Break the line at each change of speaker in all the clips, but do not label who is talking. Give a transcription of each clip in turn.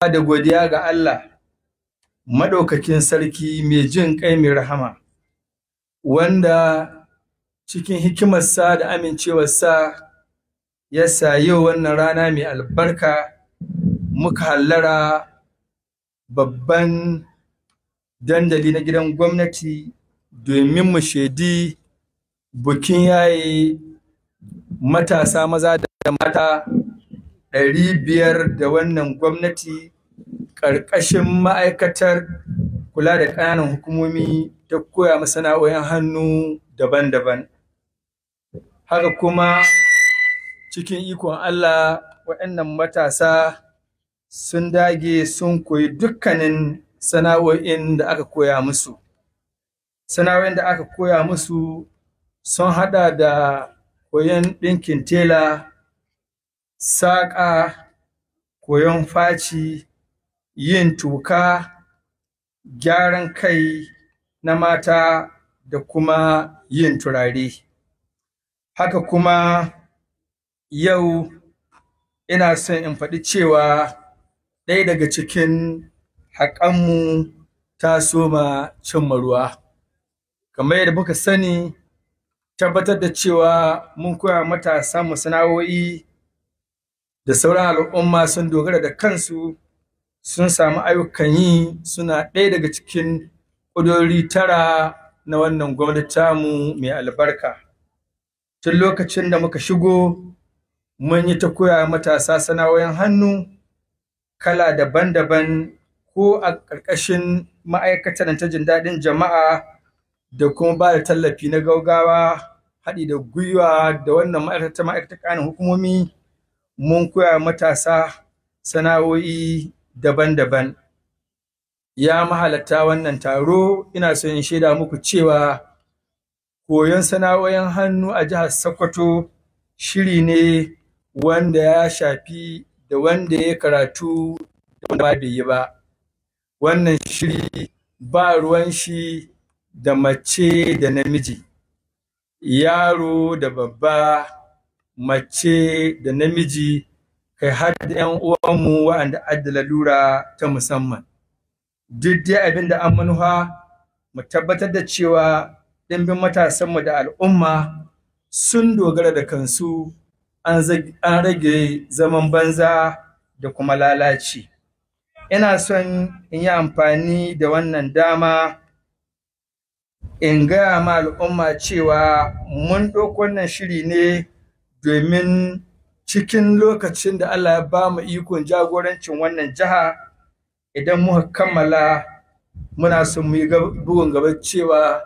ba da godiya ga Allah Maɗaukakin Sarki mai jin ƙai mai rahama, wanda cikin hikimarsa da amincewarsa ya sayo wannan rana mai albarka muka hallara babban dandali na gidan gwamnati domin mu shaidi bukin yaye matasa maza da mata. ɗari biyar da wannan gwamnati ƙarƙashin ma'aikatar kula da ƙananan hukumomi ta koya masana'o'in hannu daban-daban. Haka kuma cikin ikon Allah waɗannan matasa sun dage sun koyi dukkanin sana'o'in da aka koya musu. Sana'o'in da aka koya musu sun haɗa da koyon ɗinkin tela saƙa, koyon faci, yin tuka gyaran kai na mata da kuma yin turare. Haka kuma yau ina son in faɗi cewa ɗaya daga cikin haƙanmu ta soma cimma ruwa. Kamar yadda muka sani, tabbatar da cewa mun koya matasanmu sana'o'i da sauran al'umma sun dogara da kansu sun samu ayyukan yi suna ɗaya daga cikin ƙudurori tara na wannan gwamnati mu mai albarka tun lokacin da muka shigo mun yi ta koya matasa sana'o'in hannu kala daban-daban ko a ƙarƙashin ma'aikatar ta jin daɗin jama'a da kuma ba da tallafi na gaugawa haɗi da gwiwa da wannan ma'aikatar ma'aikatar ƙanin hukumomi mun koya matasa sana'o'i daban-daban. Ya mahalatta wannan taro ina so in shaida muku cewa koyon sana'o'in hannu a jihar Sokoto shiri ne wanda ya shafi da wanda ya karatu da wanda bai yi ba. Wannan shiri ba ruwan shi da mace da namiji, yaro da babba. mace da namiji kai har da yan uwanmu waɗanda adda lalura ta musamman duk dai abin da an manuha mu tabbatar da cewa ɗimbin matasanmu da al'umma sun dogara da kansu an rage zaman banza da kuma lalaci ina son in yi amfani da wannan dama in gaya ma al'umma cewa mun ɗauko wannan shiri ne domin cikin lokacin da Allah ya ba mu ikon jagorancin wannan jiha idan muka kammala muna son mu yi bugun gaba cewa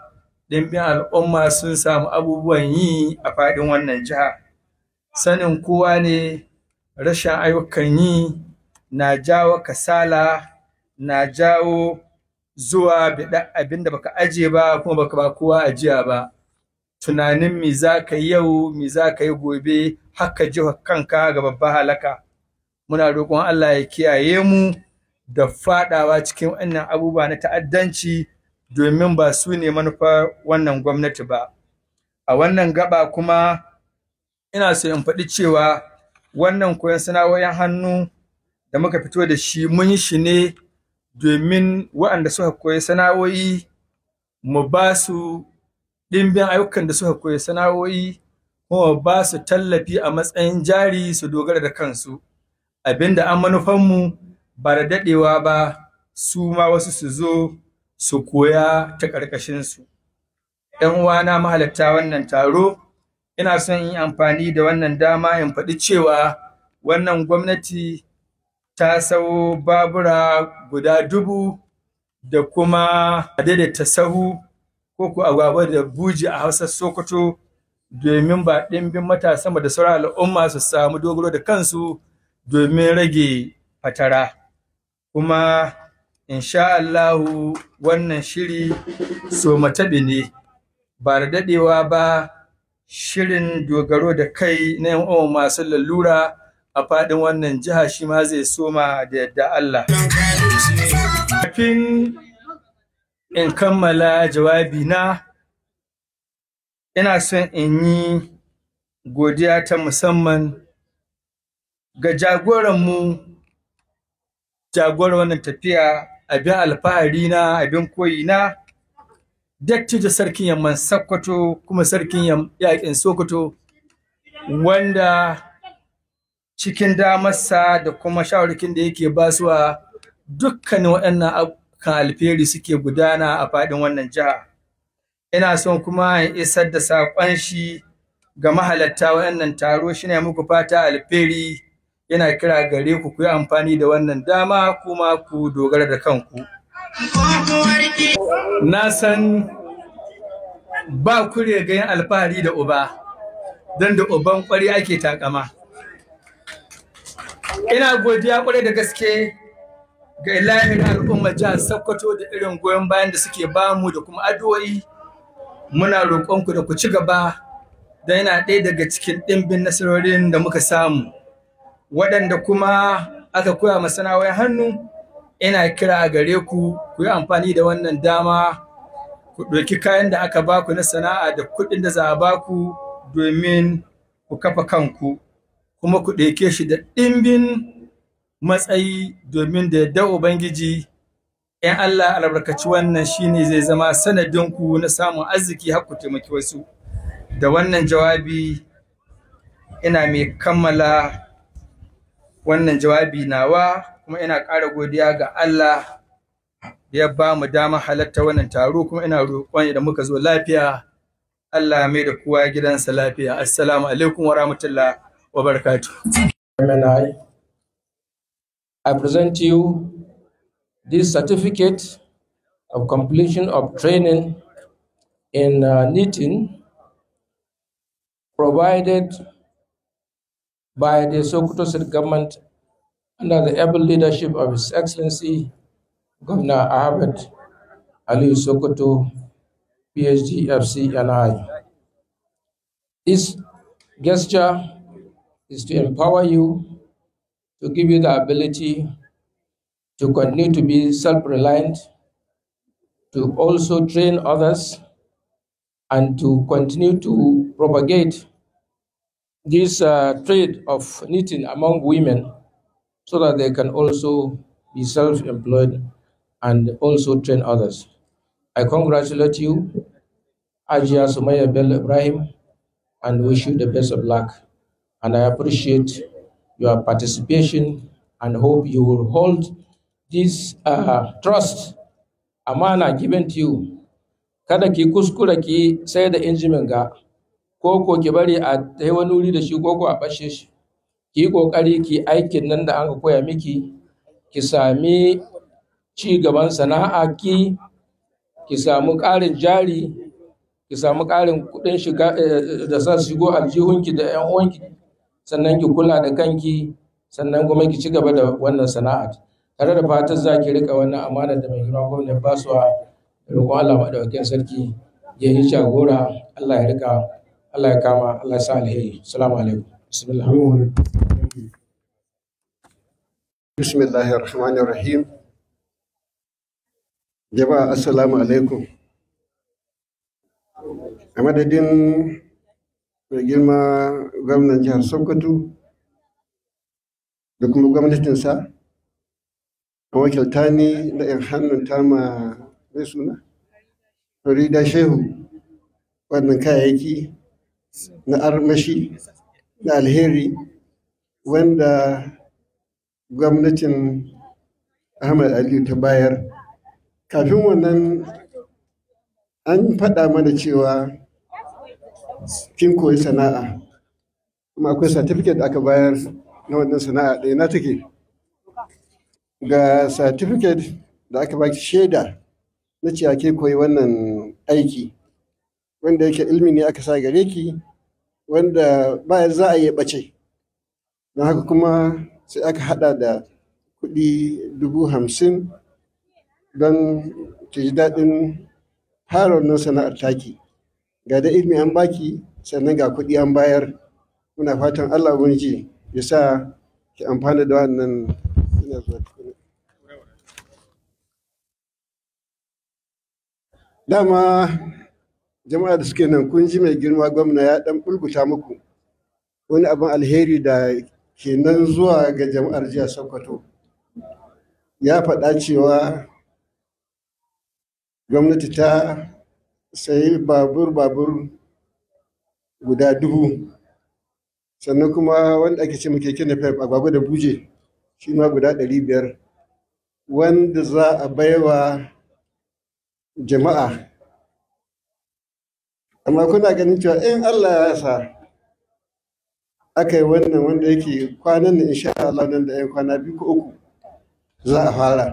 ɗimbin al'umma sun samu abubuwan yi a faɗin wannan jiha sanin kowa ne rashin ayyukan yi na jawo kasala na jawo zuwa abin da baka aje ba kuma baka ba kowa ajiya ba tunanin me za ka yi yau me za ka yi gobe haka ji kanka ga babba halaka muna roƙon Allah ya kiyaye mu da fadawa cikin wannan abubuwa na ta'addanci domin ba su ne manufa wannan gwamnati ba a wannan gaba kuma ina so in faɗi cewa wannan koyon sana'o'in hannu da muka fito da shi mun yi shi ne domin waɗanda suka koyi sana'o'i mu ba su ɗimbin ayyukan da suka koyi sana'o'i kuma ba su tallafi a matsayin jari su dogara da kansu abinda an manufanmu ba da daɗewa ba su ma wasu su zo su koya ta ƙarƙashinsu. ‘Yan uwana mahalatta wannan taro, ina son yi amfani da wannan dama in faɗi cewa wannan gwamnati ta sawo babura guda dubu da kuma daidaita sahu ko ku agwagwa da buji a Hausa Sokoto domin ba ɗimbin matasa da sauran al'umma su samu dogaro da kansu domin rage fatara. Kuma insha Allahu wannan shiri so mataɓi ne ba da daɗewa ba shirin dogaro da kai na yan uwa masu lalura a faɗin wannan jiha shi ma zai soma da yadda Allah. Kafin in kammala jawabi na, ina son in yi godiya ta musamman ga jagoranmu, jagoran wannan tafiya abin alfahari na abin koyi na dattijo sarkin yamman Sokoto kuma sarkin yakin Sokoto wanda cikin damarsa da kuma shawarkin da yake basuwa dukkanin waɗannan kan alferi suke gudana a faɗin wannan jiha. Ina son kuma in isar da saƙon shi ga mahalatta wannan taro shi ne muku fata alferi yana kira gare ku ku yi amfani da wannan dama kuma ku dogara da kanku. Na san ba ku yin alfahari da uba, don da uban ƙwari ake takama. Ina godiya ƙwarai da gaske ga na al'umma, jihar Sokoto da irin goyon bayan da suke bamu da kuma addu'o'i muna roƙonku da ku ci gaba da yana ɗaya daga cikin ɗimbin nasarorin da muka samu waɗanda kuma aka koya masana'o'in hannu ina kira a gare ku ku yi amfani da wannan dama ku ɗauki kayan da aka baku na sana'a da kuɗin da za a baku domin ku kafa kanku kuma ku ɗauke shi da ɗimbin matsayi domin da yadda Ubangiji ‘yan Allah albarkaci wannan shi ne zai zama sanadinku na samun arziki har taimaki wasu. Da wannan jawabi ina mai kammala wannan jawabi nawa kuma ina ƙara godiya ga Allah ya ba mu dama halatta wannan taro kuma ina roƙon da muka zo lafiya Allah mai da kowa gidansa lafiya. Assalamu alaikum wa rahmatullah wa barakatuh. I present
you this certificate of completion of training in uh, knitting provided by the Sokoto State government under the able leadership of His Excellency Governor Ahmed Ali Sokoto, PhD, FC, and I. This gesture is to empower you to give you the ability to continue to be self reliant, to also train others, and to continue to propagate this uh, trade of knitting among women so that they can also be self employed and also train others. I congratulate you, Ajia Sumaya Bel Ibrahim, and wish you the best of luck. And I appreciate your participation and hope you will hold this uh, trust amana given to you. Kada ki kuskura ki sai da injimin ga, ko ko ki bari a tai wani wuri da shi ko ko a bashe shi. Ki kokari ki aikin nan da an koya miki, ki sami ci gaban sana'a ki, ki samu ƙarin jari, ki samu ƙarin kuɗin shiga eh, da sa shigo aljihunki da 'yan uwanki sannan ki kula da kanki sannan kuma ki ci gaba da wannan sana'a tare da fatan za ki rika wannan amana da mai girma gwamnati basuwa
su roƙon Allah
madaukakin sarki ya yi jagora Allah ya rika Allah ya kama Allah ya sa alheri assalamu alaikum
bismillah bismillahirrahmanirrahim jama'a assalamu alaikum a madadin mai girma gwamnan jihar sokoto da kuma gwamnatinsa a wakilta ne da hannun ta ma mai suna farida shehu wannan kayayyaki na armashi na alheri wanda gwamnatin ahmad aliyu ta bayar kafin wannan an faɗa mana cewa kin koyi sana'a kuma akwai certificate da aka bayar na wannan sana'a ɗaya na take ga certificate da aka baki shaida na cewa ke koyi wannan aiki wanda yake ilmi ne aka sa gare ki wanda ba za a yi bace don haka kuma sai aka hada da kuɗi dubu hamsin don ta ji daɗin fara wannan sana'ar taki ga da ilimi an baki sannan ga kuɗi an bayar muna fatan Allah ji ya sa ki amfana da wannan ina dama jama'a da suke nan kun ji mai girma gwamna ya dan bulguta muku wani abin alheri da ke nan zuwa ga jama'ar jiya sokoto ya faɗa cewa gwamnati ta sayi babur-babur guda dubu sannan kuma wanda ake ce mu keke a agwagwa da buje shi ma guda ɗari biyar wanda za a baiwa jama'a amma kuna ganin cewa in Allah ya sa aka yi wannan wanda yake kwanan da insha Allah nan da 'yan kwana biyu ko uku za a fara.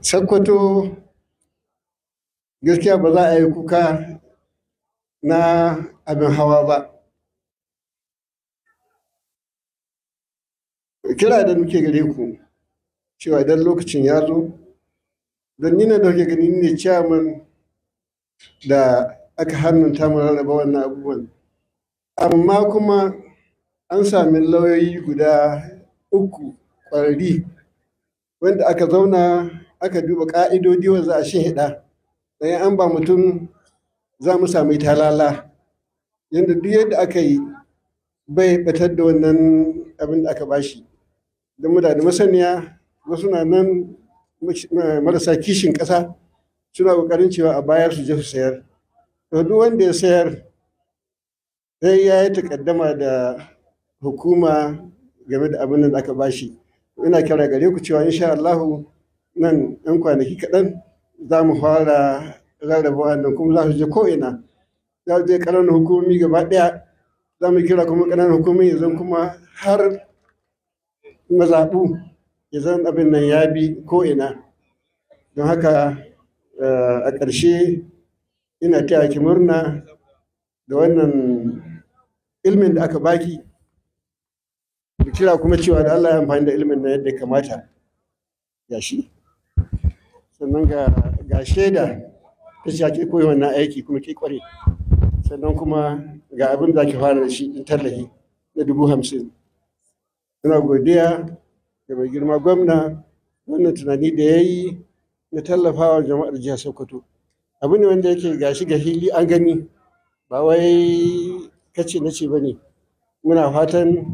Sakkwato gaskiya ba za a yi kuka na abin hawa ba kira da muke gare ku cewa idan lokacin ya zo don nina da kuke gani ne chairman da aka hannunta mu rarraba wannan abubuwan amma kuma an sami lauyoyi guda uku ƙwararri wanda aka zauna aka duba ƙa'idodi wanda za a shehida ɗaya an ba mutum za mu sami talala yadda duk yadda aka yi bai batar da wannan abin da aka bashi don mu da masaniya wasu na nan marasa kishin ƙasa suna ƙoƙarin cewa a bayar su je su sayar to duk wanda ya sayar sai ya yi takaddama da hukuma game da abin da aka bashi ina kira gare ku cewa insha Allahu nan ɗan kwanaki kaɗan za mu fara rarraba wannan kuma za su je ko'ina za su je ƙananan hukumomi gaba ɗaya za mu kira kuma ƙananan hukumomi yanzu kuma har mazaɓu ya zan abin nan ya bi ko'ina don haka eh, a ƙarshe ina taya ki murna da wannan ilmin da aka baki kira kuma cewa da Allah ya amfani da ilmin na yadda ya kamata ya shi sannan ga shaida ta ce ake koyi wannan aiki kuma ke kware sannan kuma ga abin da ke fara da shi in tallafi na dubu hamsin ina godiya da mai girma gwamna wannan tunani da ya yi na tallafawa jama'ar jihar sokoto abu ne wanda yake gashi ga hili an gani ba wai kace na ce ba ne muna fatan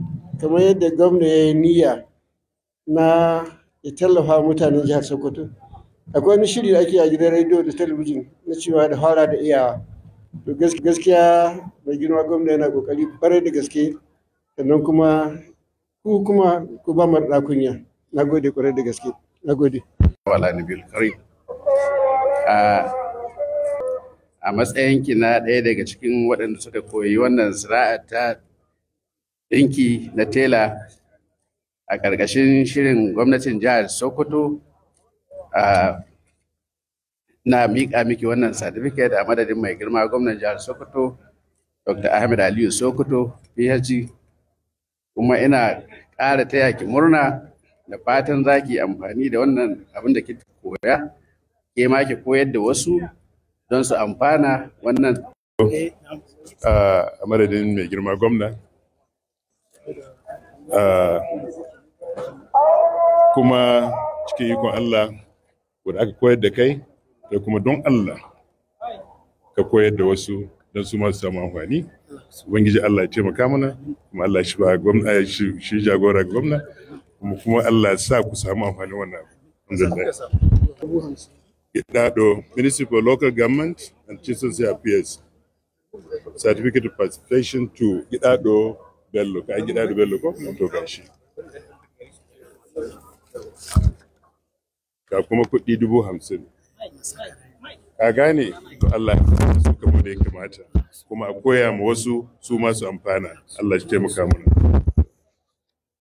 kamar yadda gwamna ya yi niyya na ya tallafa mutanen jihar sokoto akwai wani shiri da ake a gidan rediyo da talabijin na cewa da fara da iyawa to gaskiya mai girma gwamna yana kokari kwarai da gaske sannan kuma ku kuma ku ba mu da kunya na kwarai da gaske na gode
wala nabil kari a ki na ɗaya daga cikin waɗanda suka koyi wannan sana'a ta ɗinki na tela a ƙarƙashin shirin gwamnatin jihar sokoto na miƙa miki wannan certificate a madadin mai girma gwamnan jihar Sokoto Dr. Ahmed Aliyu Sokoto PhD kuma ina ƙara taya ki murna da fatan za ki amfani da wannan abin da ki koya ke ma ki koyar da wasu don su amfana wannan
a madadin mai girma gwamna kuma cikin ikon Allah wadda aka koyar da kai da kuma don Allah ka koyar da wasu don su masu samu amfani ubangiji Allah ya taimaka mana kuma Allah shi ba gwamna eh, shi jagora gwamna kuma kuma Allah sa ku samu amfani wannan abu Dado, Ministry for Local Government and Chisels Affairs. Certificate of Participation to Gidado Bello. Ka Gidado Bello ko? Mun to gashi. ga kuma kuɗi dubu hamsin a gane to Allah ya suka mu da ya kamata kuma a koya ma wasu su masu amfana Allah shi taimaka mana